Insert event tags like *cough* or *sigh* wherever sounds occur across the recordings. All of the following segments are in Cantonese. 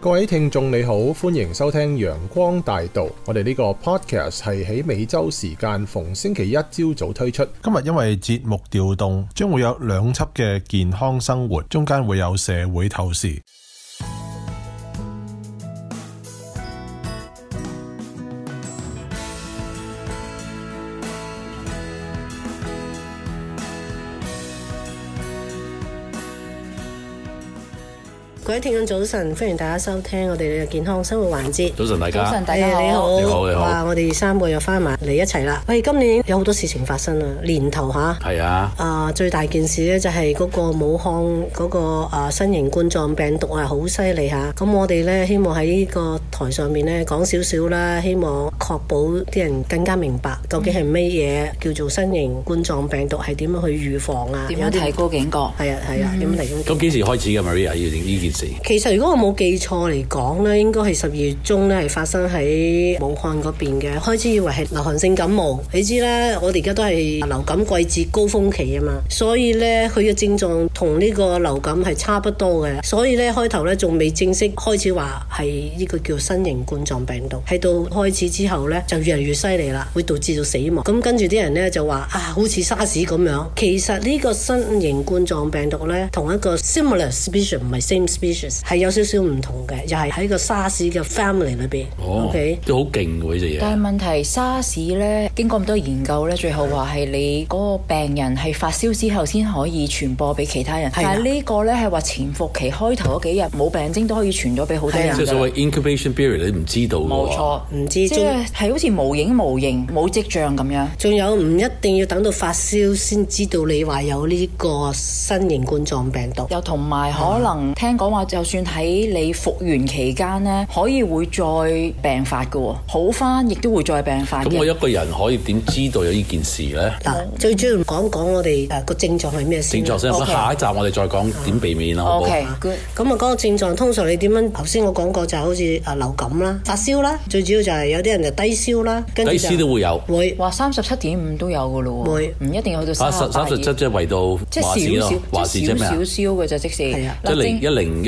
各位聽眾你好，歡迎收聽陽光大道。我哋呢個 podcast 係喺美洲時間逢星期一朝早推出。今日因為節目調動，將會有兩輯嘅健康生活，中間會有社會透視。各位聽眾早晨，歡迎大家收聽我哋嘅健康生活環節。早晨大家，早晨大家，你好，你好，你好。哇，我哋三個又翻埋嚟一齊啦。喂，今年有好多事情發生啊，年頭嚇。係啊。啊，最大件事咧就係嗰個武漢嗰個啊新型冠狀病毒啊，好犀利嚇。咁我哋咧希望喺呢個台上面咧講少少啦，希望確保啲人更加明白究竟係咩嘢叫做新型冠狀病毒，係點樣去預防啊？點樣提高警覺？係啊，係啊，點樣提高警覺？咁幾時開始嘅 Maria 呢件呢件事？其實如果我冇記錯嚟講咧，應該係十二月中咧係發生喺武漢嗰邊嘅，開始以為係流行性感冒。你知啦，我哋而家都係流感季節高峰期啊嘛，所以咧佢嘅症狀同呢個流感係差不多嘅，所以咧開頭咧仲未正式開始話係呢個叫新型冠狀病毒，喺到開始之後咧就越嚟越犀利啦，會導致到死亡。咁跟住啲人咧就話啊，好似沙士 r 咁樣。其實呢個新型冠狀病毒咧，同一個 similar 唔係係有少少唔同嘅，又係喺個沙士嘅 family 裏邊。哦，都好勁喎，呢隻嘢。但係問題沙士咧，經過咁多研究咧，最後話係你嗰個病人係發燒之後先可以傳播俾其他人。係、啊。但係呢個咧係話潛伏期開頭嗰幾日冇病徵都可以傳咗俾好多人。即係所謂 incubation period，你唔知道。冇錯，唔知即係、係、好似無影無形、冇跡象咁樣。仲有唔一定要等到發燒先知道你話有呢個新型冠狀病毒。又同埋可能聽講話、嗯。就算喺你復原期間咧，可以會再病發嘅，好返亦都會再病發。咁我一個人可以點知道有呢件事咧？嗱 *laughs* 啊，最主要講講我哋、啊、個症狀係咩先。症狀先，okay. 下一集我哋再講點避免啦，咁、okay. okay. 啊，嗰、嗰個症狀通常你點樣？頭先我講過就係好似啊流感啦、發燒啦，最主要就係有啲人就低燒啦，低燒都會有。會話三十七點五都有嘅咯喎。會唔一定有到三、啊、十七？三十七即係維到，即係少少，即係少少嘅啫，即是。一零一零。零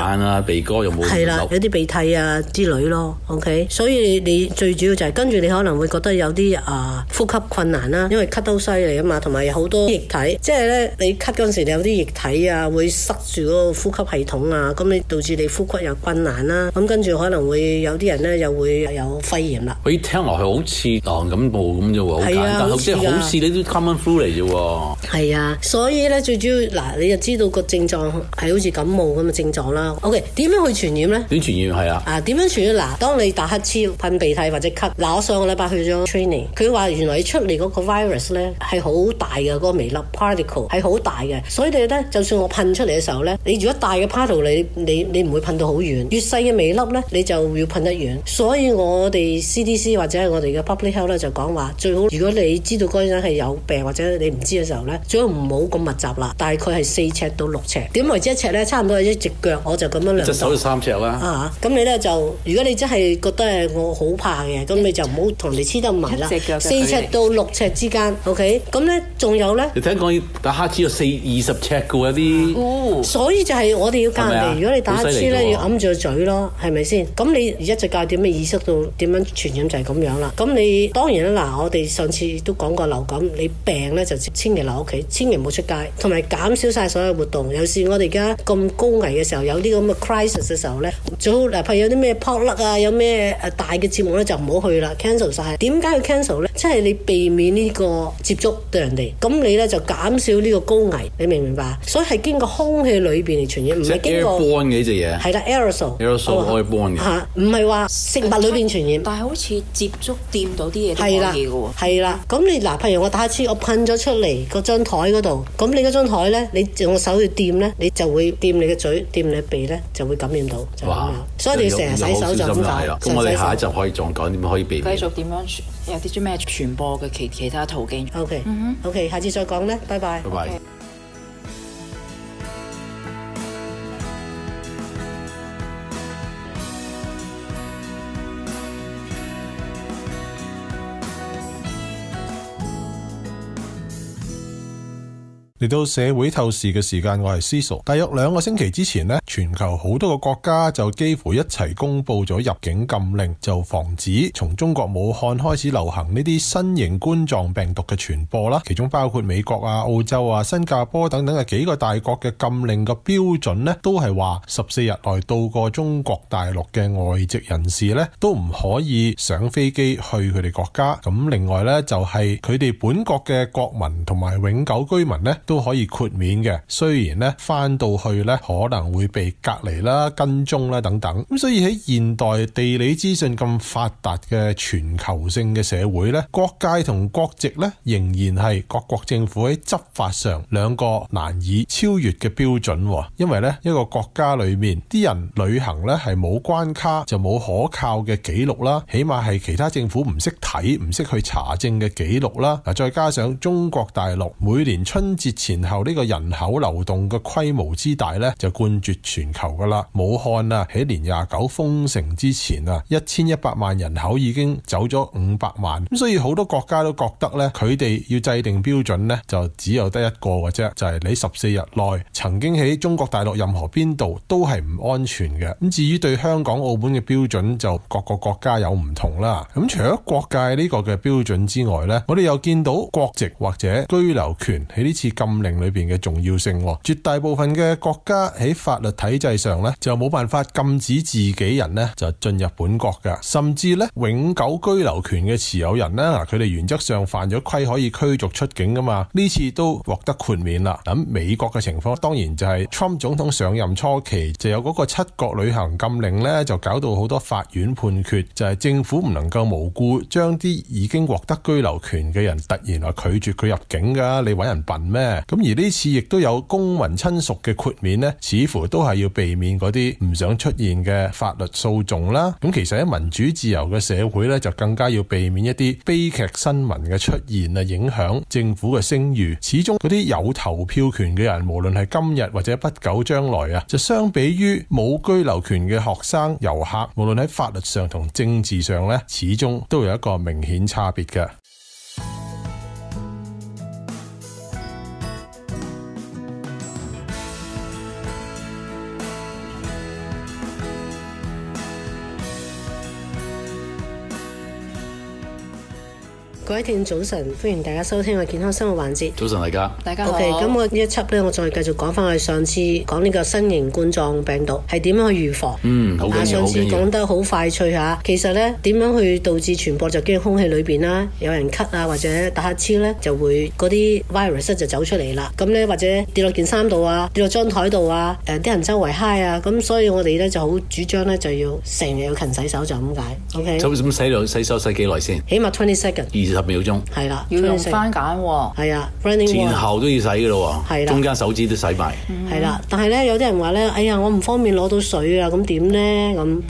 眼啊鼻哥有冇係啦，有啲鼻涕啊之類咯。OK，所以你最主要就係、是、跟住你可能會覺得有啲啊、呃、呼吸困難啦、啊，因為咳到犀利啊嘛，同埋有好多液體。即係咧，你咳嗰時候，你有啲液體啊會塞住嗰個呼吸系統啊，咁、嗯、你導致你呼吸又困難啦、啊。咁、嗯、跟住可能會有啲人咧又會有肺炎啦。佢聽落係好似當感冒咁啫喎，好簡單，即係好似你啲 common flu 嚟啫喎。係啊，所以咧最主要嗱，你就知道個症狀係好似感冒咁嘅症狀啦。O.K. 點樣去傳染呢？點傳染係啊？啊點樣傳染呢？嗱、啊，當你打乞嗤、噴鼻涕或者咳嗱，我上個禮拜去咗 training，佢話原來你出嚟嗰個 virus 咧係好大嘅嗰、嗰個微粒 particle 係好大嘅，所以你咧就算我噴出嚟嘅時候咧，你如果大嘅 particle 你你你唔會噴到好遠，越細嘅微粒咧你就要噴得遠。所以我哋 CDC 或者係我哋嘅 public health 咧就講話最好，如果你知道嗰個人係有病或者你唔知嘅時候咧，最好唔好咁密集啦，大概係四尺到六尺，點為之一尺咧？差唔多係一隻腳我。就咁樣兩隻，隻手三尺啦。啊，咁你咧就，如果你真係覺得係我好怕嘅，咁你就唔好同人哋黐得埋啦。四尺到六尺之間，OK。咁咧仲有咧？你聽講打乞嗤有四二十尺嘅喎啲，所以就係我哋要教人哋，如果你打乞嗤咧要揞住個嘴咯，係咪先？咁你而家就教點樣意識到點樣傳染就係咁樣啦。咁你當然啦，嗱，我哋上次都講過流感，你病咧就千祈留喺屋企，千祈唔好出街，同埋減少曬所有活動。尤其是我哋而家咁高危嘅時候，有啲咁嘅 crisis 嘅時候咧，最好嗱，譬如有啲咩撲笠啊，有咩誒大嘅節目咧，就唔好去啦，cancel 曬。點解要 cancel 咧？即係你避免呢個接觸對人哋，咁你咧就減少呢個高危，你明唔明白？所以係經過空氣裏邊嚟傳染，唔係經過，airborne 嘅呢隻嘢。係啦，aerosol。aerosol airborne。嚇，唔係話食物裏邊傳染，但係好似接觸掂到啲嘢都感染嘅喎。係啦，咁你嗱，譬如我打支我噴咗出嚟，嗰張台嗰度，咁你嗰張台咧，你用個手去掂咧，你就會掂你嘅嘴，掂你嘅鼻咧，就會感染到。哇！所以你成日洗手就咁搞。咁我哋下一集可以仲講點可以避免。繼續點樣傳？有啲咗咩傳播嘅其其他途徑。o K，o K，下次再講啦。拜拜。拜拜。嚟到社會透視嘅時間，我係 Cicel。大約兩個星期之前咧，全球好多個國家就幾乎一齊公布咗入境禁令，就防止從中國武漢開始流行呢啲新型冠狀病毒嘅傳播啦。其中包括美國啊、澳洲啊、新加坡等等嘅幾個大國嘅禁令嘅標準咧，都係話十四日內到過中國大陸嘅外籍人士咧，都唔可以上飛機去佢哋國家。咁另外咧，就係佢哋本國嘅國民同埋永久居民咧。都可以豁免嘅，雖然咧翻到去咧可能會被隔離啦、跟蹤啦等等。咁所以喺現代地理資訊咁發達嘅全球性嘅社會咧，國界同國籍咧仍然係各國政府喺執法上兩個難以超越嘅標準哦。因為咧一個國家裏面啲人旅行咧係冇關卡就冇可靠嘅記錄啦，起碼係其他政府唔識睇、唔識去查證嘅記錄啦。嗱，再加上中國大陸每年春節。前後呢個人口流動嘅規模之大咧，就冠絕全球噶啦。武漢啊，喺年廿九封城之前啊，一千一百萬人口已經走咗五百萬。咁所以好多國家都覺得咧，佢哋要制定標準咧，就只有得一個嘅啫，就係你十四日內曾經喺中國大陸任何邊度都係唔安全嘅。咁至於對香港、澳門嘅標準，就各個國家有唔同啦。咁除咗國界呢個嘅標準之外咧，我哋又見到國籍或者居留權喺呢次禁。禁令裏邊嘅重要性，絕大部分嘅國家喺法律體制上咧就冇辦法禁止自己人咧就進入本國噶，甚至咧永久居留權嘅持有人咧，嗱佢哋原則上犯咗規可以驅逐出境噶嘛，呢次都獲得豁免啦。咁美國嘅情況當然就係 Trump 總統上任初期就有嗰個七國旅行禁令咧，就搞到好多法院判決就係、是、政府唔能夠無故將啲已經獲得居留權嘅人突然來拒絕佢入境噶，你搵人笨咩？咁而呢次亦都有公民親屬嘅豁免呢，似乎都係要避免嗰啲唔想出現嘅法律訴訟啦。咁其實喺民主自由嘅社會咧，就更加要避免一啲悲劇新聞嘅出現啊，影響政府嘅聲譽。始終嗰啲有投票權嘅人，無論係今日或者不久將來啊，就相比於冇居留權嘅學生遊客，無論喺法律上同政治上咧，始終都有一個明顯差別嘅。各位聽，早晨，歡迎大家收聽我健康生活環節。早晨大家，大家好。O K，咁我呢一輯咧，我再繼續講翻我上次講呢個新型冠狀病毒係點樣去預防。嗯，好嘅、啊、上次講得好快脆嚇，其實咧點樣去導致傳播就經空氣裏邊啦，有人咳啊或者打乞嗤咧就會嗰啲 virus 就走出嚟啦。咁咧或者跌落件衫度啊，跌落張台度啊，誒、呃、啲人周圍嗨 i 啊，咁所以我哋咧就好主張咧就要成日要勤洗手就咁解。O K。咁洗兩洗手洗幾耐先？起碼 twenty second。十秒鐘，係啦，要用番鹼喎，係啊，前後都要洗嘅咯喎，係啦，中間手指都洗埋，係啦、嗯，但係咧有啲人話咧，哎呀，我唔方便攞到水啊，咁點咧咁？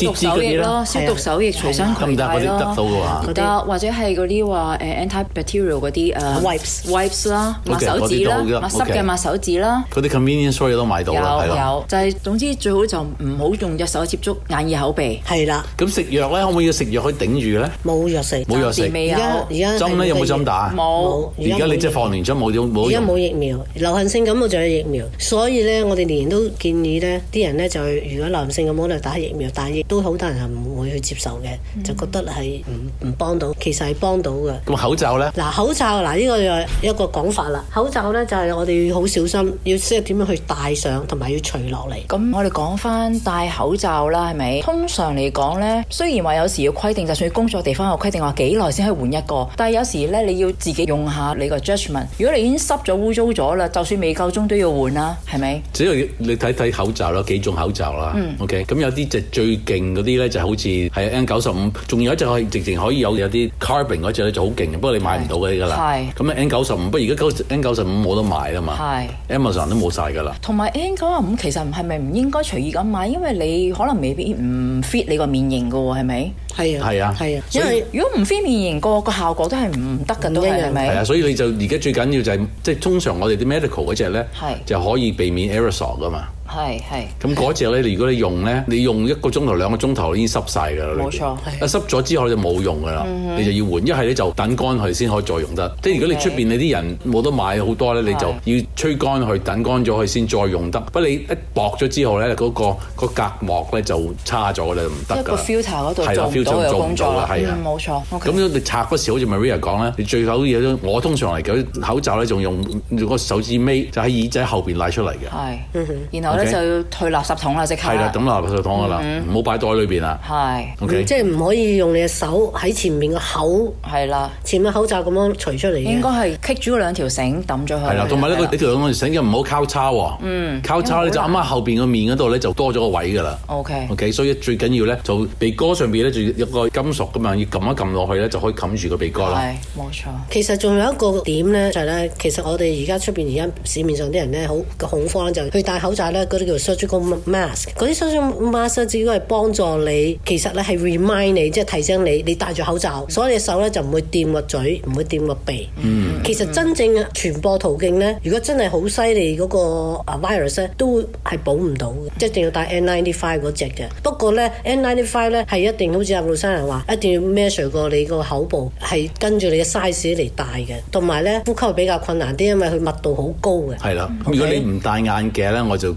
消毒手液咯，消毒手液，除想得唔得得到嘅話，得，或者係嗰啲話誒 anti-bacterial 嗰啲誒 wipes wipes 啦，抹手指，抹濕嘅抹手指啦，嗰啲 convenience store 都買到啦，係咯，就係、是、總之最好就唔好用隻手接觸眼耳口鼻，係啦。咁食藥咧，可唔可以食藥可以頂住咧？冇藥食，冇藥食，而家。而家針咧有冇針打？冇。而家你即係放年假冇？冇。而家冇疫苗，流行性感冒仲有，有疫苗，所以咧我哋年年都建議咧啲人咧就係如果流行性咁，我哋打疫苗，但係亦都好多人係唔會去接受嘅、嗯，就覺得係唔唔幫到，其實係幫到嘅。咁口罩咧？嗱口罩嗱呢個又一個講法啦。口罩咧、這個、就係我哋要好小心，要識點樣去戴上同埋要除落嚟。咁我哋講翻戴口罩啦，係咪？通常嚟講咧，雖然話有時要規定，就算工作地方有規定話幾耐先可以換一。但係有時咧，你要自己用下你個 judgement。如果你已經濕咗、污糟咗啦，就算未夠鍾都要換啦，係咪？只要你睇睇口罩啦，幾種口罩啦。O、嗯、K。咁、okay? 有啲就最勁嗰啲咧，就好似係 N 九十五。仲有一隻可以直情可以有有啲 carbon 嗰隻咧，就好勁。不過你買唔到嘅啦。係。咁啊 N 九十五，不過而家 N 九十五冇得買吖嘛。係。Amazon 都冇晒㗎啦。同埋 N 九十五其實係咪唔應該隨意咁買？因為你可能未必唔 fit 你個面型嘅喎，係咪？係啊，係啊，因為如果唔非面型個效果都係唔得嘅，都係係咪？係啊，所以你就而家最緊要就係，即通常我哋啲 medical 嗰隻呢，就可以避免 aerosol 嘅嘛。係係咁嗰隻咧，那那如果你用咧， *laughs* 你用一個鐘頭兩個鐘頭已經濕晒㗎啦。冇錯，濕咗之後就冇用㗎啦，嗯。你就要換，一係咧就等乾佢先可以再用得。即、嗯、係如果你出面你啲人冇得買好多咧，嗯，你就要吹乾佢，等乾咗佢先再用得。不過你一薄咗之後咧，嗰、那個隔、那個、膜咧就差咗啦，唔得㗎。個 filter 嗰度做唔到嘅工作係冇錯。咁、okay. 你拆嗰時好似 Maria 講咧，你最好有我通常嚟講口罩咧，仲用用個手指尾就喺耳仔後邊拉出嚟嘅，嗯。然後 Okay. 就要退垃圾桶啦，即係係啦，抌垃圾桶噶啦，唔好擺袋裏邊啦。係，O K，即係唔可以用你嘅手喺前面個口，係啦，前面的口罩咁樣除出嚟。應該係棘住兩條繩抌咗佢。係啦，同埋呢嗰你條兩條繩又唔好交叉喎、啊。嗯，交叉咧就啱喺後邊個面嗰度咧就多咗個位噶啦。O K，O K，所以最緊要咧就鼻哥上邊咧就有個金屬噶嘛，要撳一撳落去咧就可以冚住個鼻哥啦。係，冇錯。其實仲有一個點咧就係、是、咧，其實我哋而家出邊而家市面上啲人咧好恐慌就佢戴口罩咧。嗰啲叫 surgical mask，嗰啲 surgical mask 只係幫助你，其實咧係 remind 你，即係提醒你，你戴住口罩，所以你手咧就唔會掂個嘴，唔會掂個鼻、嗯。其實真正嘅傳播途徑咧，如果真係好犀利嗰個 virus 咧，都係保唔到嘅，即一定要戴 N95 嗰隻嘅。不過咧，N95 咧係一定好似阿盧生人話，一定要 measure 過你個口部，係跟住你嘅 size 嚟戴嘅，同埋咧呼吸比較困難啲，因為佢密度好高嘅。係啦，okay? 如果你唔戴眼鏡咧，我就。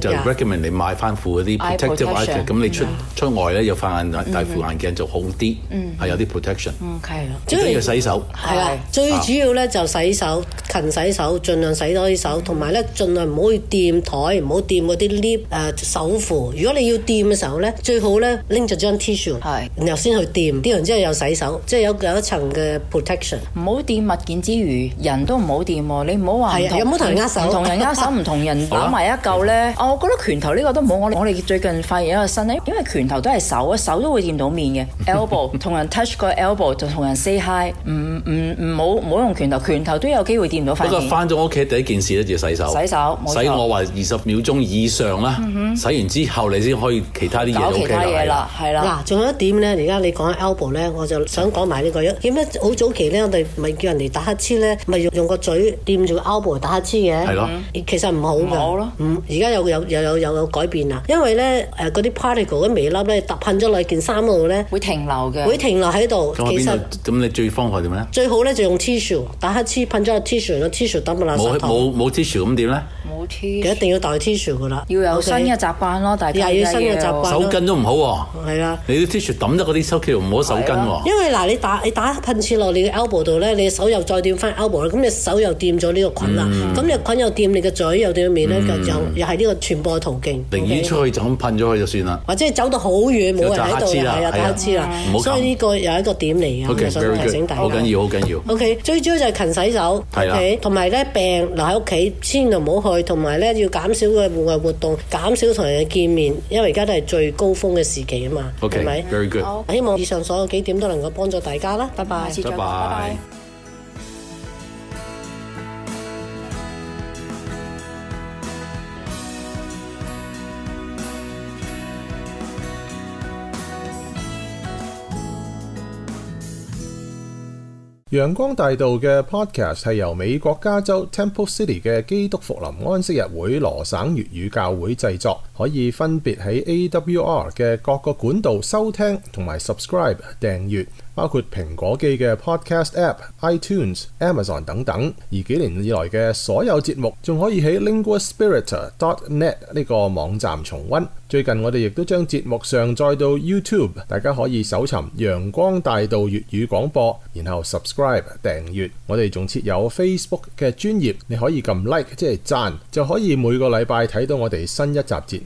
就、oh, yeah. recommend 你買翻副嗰啲 protection 咁、so，你、yeah. 出出外咧又翻眼戴、mm-hmm. 副眼鏡就好啲，係、mm-hmm. 有啲 protection、okay. 嗯，係咯，主要洗手。係啊，最主要咧、啊、就洗手，勤洗手，儘量洗多啲手，同埋咧儘量唔好去掂枱，唔好掂嗰啲 lift 誒手扶。如果你要掂嘅時候咧，mm-hmm. 最好咧拎著張 tissue，然後先去掂，掂完之後又洗手，即係有有一層嘅 protection。唔好掂物件之餘，人都唔好掂喎。你唔好話同人唔 *laughs* 同，同人握手，唔同人攬埋一嚿咧。 *laughs* 哦、我覺得拳頭呢個都冇，我我哋最近發現一個新呢，因為拳頭都係手啊，手都會掂到面嘅。Elbow *laughs* 同人 touch 個 elbow 就同人 say hi，唔唔唔唔好用拳頭，拳頭都有機會掂到。不過翻咗屋企第一件事咧就洗手，洗手洗我話二十秒鐘以上啦、嗯。洗完之後你先可以其他啲嘢。搞其他嘢啦，係啦。嗱，仲有一點咧，而家你講緊 elbow 咧，我就想講埋呢個，點解好早期咧我哋咪叫人哋打乞嗤咧，咪用，用個個嘴掂住個 elbow 嚟打乞嗤嘅？咯、嗯，其實唔好㗎，唔而家。嗯有有又有又有又有改變啦，因為咧誒嗰啲 particle 嘅啲微粒咧，噴喺咗落件衫度咧，會停留嘅，會停留喺度。其實咁你最方法點咧？最好咧就用 tissue，打開黐噴咗落 tissue 咯，tissue 抌落垃圾桶。冇冇 tissue 咁點咧？T-shirt? 一定要帶 tissue 噶啦，要有新嘅習慣咯，OK? 大家要新嘅習慣。手巾都唔好喎、啊，係啦、啊，你啲 tissue 抌咗嗰啲手巾唔好手巾喎。因為嗱，你打你打噴嚏落你嘅 elbow 度咧，你手又再掂翻 elbow，咁你手又掂咗呢個菌啦，咁、嗯、你菌又掂你嘅嘴又掂面咧、嗯，又又係呢個傳播嘅途徑。寧願出去、OK? 就咁噴咗佢就算啦。或者走到好遠冇人喺度，又、啊啊、打乞嗤啦、啊，所以呢個又一個點嚟嘅，我其實想提醒大家。好緊要，好緊要。OK，最主、啊啊 OK, 啊啊 OK, 啊、要就勤洗手。同埋咧病留喺屋企，千就唔好去同埋咧，要減少嘅戶外活動，減少同人嘅見面，因為而家都係最高峰嘅時期啊嘛，係咪？Very good。希望以上所有幾點都能夠幫助大家啦，拜、okay. 拜。拜拜。陽光大道嘅 Podcast 係由美國加州 Temple City 嘅基督復臨安息日會羅省粵語教會製作。可以分別喺 AWR 嘅各個管道收聽同埋 subscribe 訂閱，包括蘋果機嘅 Podcast App、iTunes、Amazon 等等。而幾年以來嘅所有節目，仲可以喺 linguaspirit.net 呢個網站重温。最近我哋亦都將節目上載到 YouTube，大家可以搜尋陽光大道粵語廣播，然後 subscribe 訂閱。我哋仲設有 Facebook 嘅專頁，你可以撳 like，即係讚，就可以每個禮拜睇到我哋新一集節